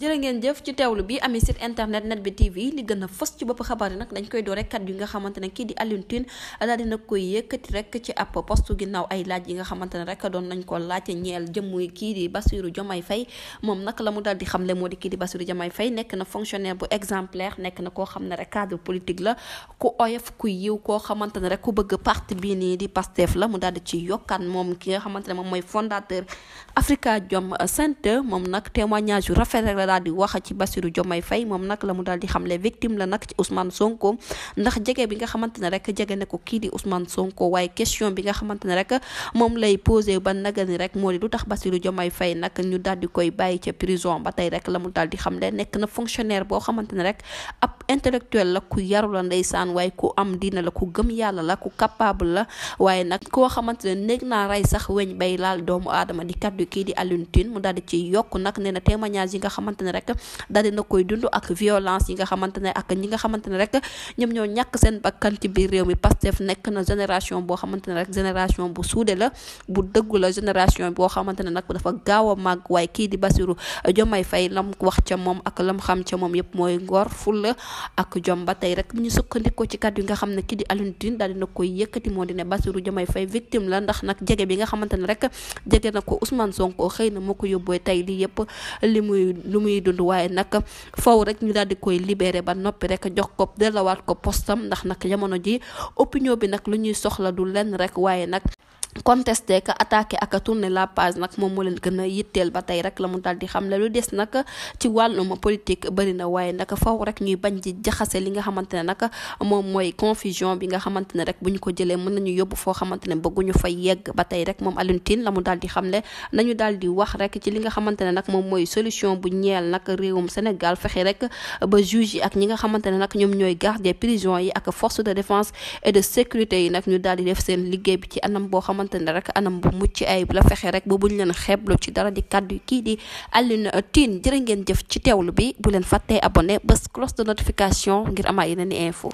jërë ngeen jëf ci teewlu bi amee site internet net bi tv li gën a fës ci bopp xabaar yi nag dañ koy doore yi nga xamante kii di Alioune Tine dina koy yëkkati rek ci ab poste ginnaaw ay laaj yi nga xamante ne rek doon nañ ko laajte ñeel jëmmuy kii di Bassirou Diomaye Faye moom nag la mu daal di xamle moo di kii di Bassirou Diomaye Faye nekk na fonctionnaire bu exemplaire nekk na koo xam rek cadre politique la ku oyof ku yiw koo xamante ne rek ku bëgg di Pastef la mu daal di ci ki nga xamante ne moom mooy fondateur Afrikajom Center daal di wax ci Bassirou Diomaye Faye moom nag la mu daal di xamle victime la nag ci Ousmane Sonko ndax jege bi nga xamante rek jege na ko kii di Ousmane Sonko waaye question bi nga xamante rek moom lay posé ba naga ni rek moo di lu tax Bassirou Diomaye Faye nag ñu daal di koy bàyyi ca prison ba tey rek la mu daal di xamle nekk na fonctionnaire boo xamante rek ab intellectuel la ku yaru la ndeysaan waaye ku am diina la ku gëm yàlla la ku capable la waaye nag koo xamante ne néeg naa rey sax weñ bay laal doomu aadama di kaddu na xamante ne rek daal dina koy dund ak violence yi nga xamante ne ak ñi nga xamante rek ñoom ñoo ñàkk seen bakkan ci biir réew mi Pastef nekk na génération boo xamante ne rek génération bu suude la bu dëggu la génération boo xamante ne nag dafa gaaw a màgg waaye kii di Bassirou Diomaye Faye lam wax ca moom ak lam xam ca moom yëpp mooy ngor fulla ak jom ba tey rek bu ñu sukkandikoo ci kàddu yi nga xam ne kii di Alioune Tine daal dina koy yëkkati moo di ne Bassirou Diomaye Faye victime la ndax nag jege bi nga xamante ne rek jege na ko Ousmane Sonko xëy na moo ko yóbboo tey li yëpp muy dund waaye nag foofu rek ñu daal di koy libéré ba noppi rek jox ko dellowaat ko postam ndax nag jamono ji opinion bi nag lu ñuy soxla du lenn rek waaye nag contesté que attaqué ak tourné la page nag moom moo leen gën a yitteel ba tey rek la mu daal di xam la lu des nag ci wàllum politique bëri na waaye nag faw rek ñuy bañ di jaxase li nga xamante ne nag moom mooy confusion bi nga xamante ne rek bu ñu ko jëlee mën nañu yóbbu foo xamante ne bëgguñu fay yegg ba tey rek moom Alioune Tine la mu daal di xamle nañu daal di rek ci li nga xamante ne nag moom mooy solution bu ñeel nag réewum Sénégal fexe rek ba juge ak ñi nga xamante ne nag ñoom ñooy gardien prison yi ak force de défense et de sécurité yi nag ñu daal di def seen liggéey bi ci anam boo xam xamante ne rek anam bu mucc ayib la fexe rek ba buñ leen xeeblu ci dara di kàddu kii di Alioune Tine jërë jëf ci teewlu bi bu leen fàttee abonné bés cloche de notification ngir amaat yeneen info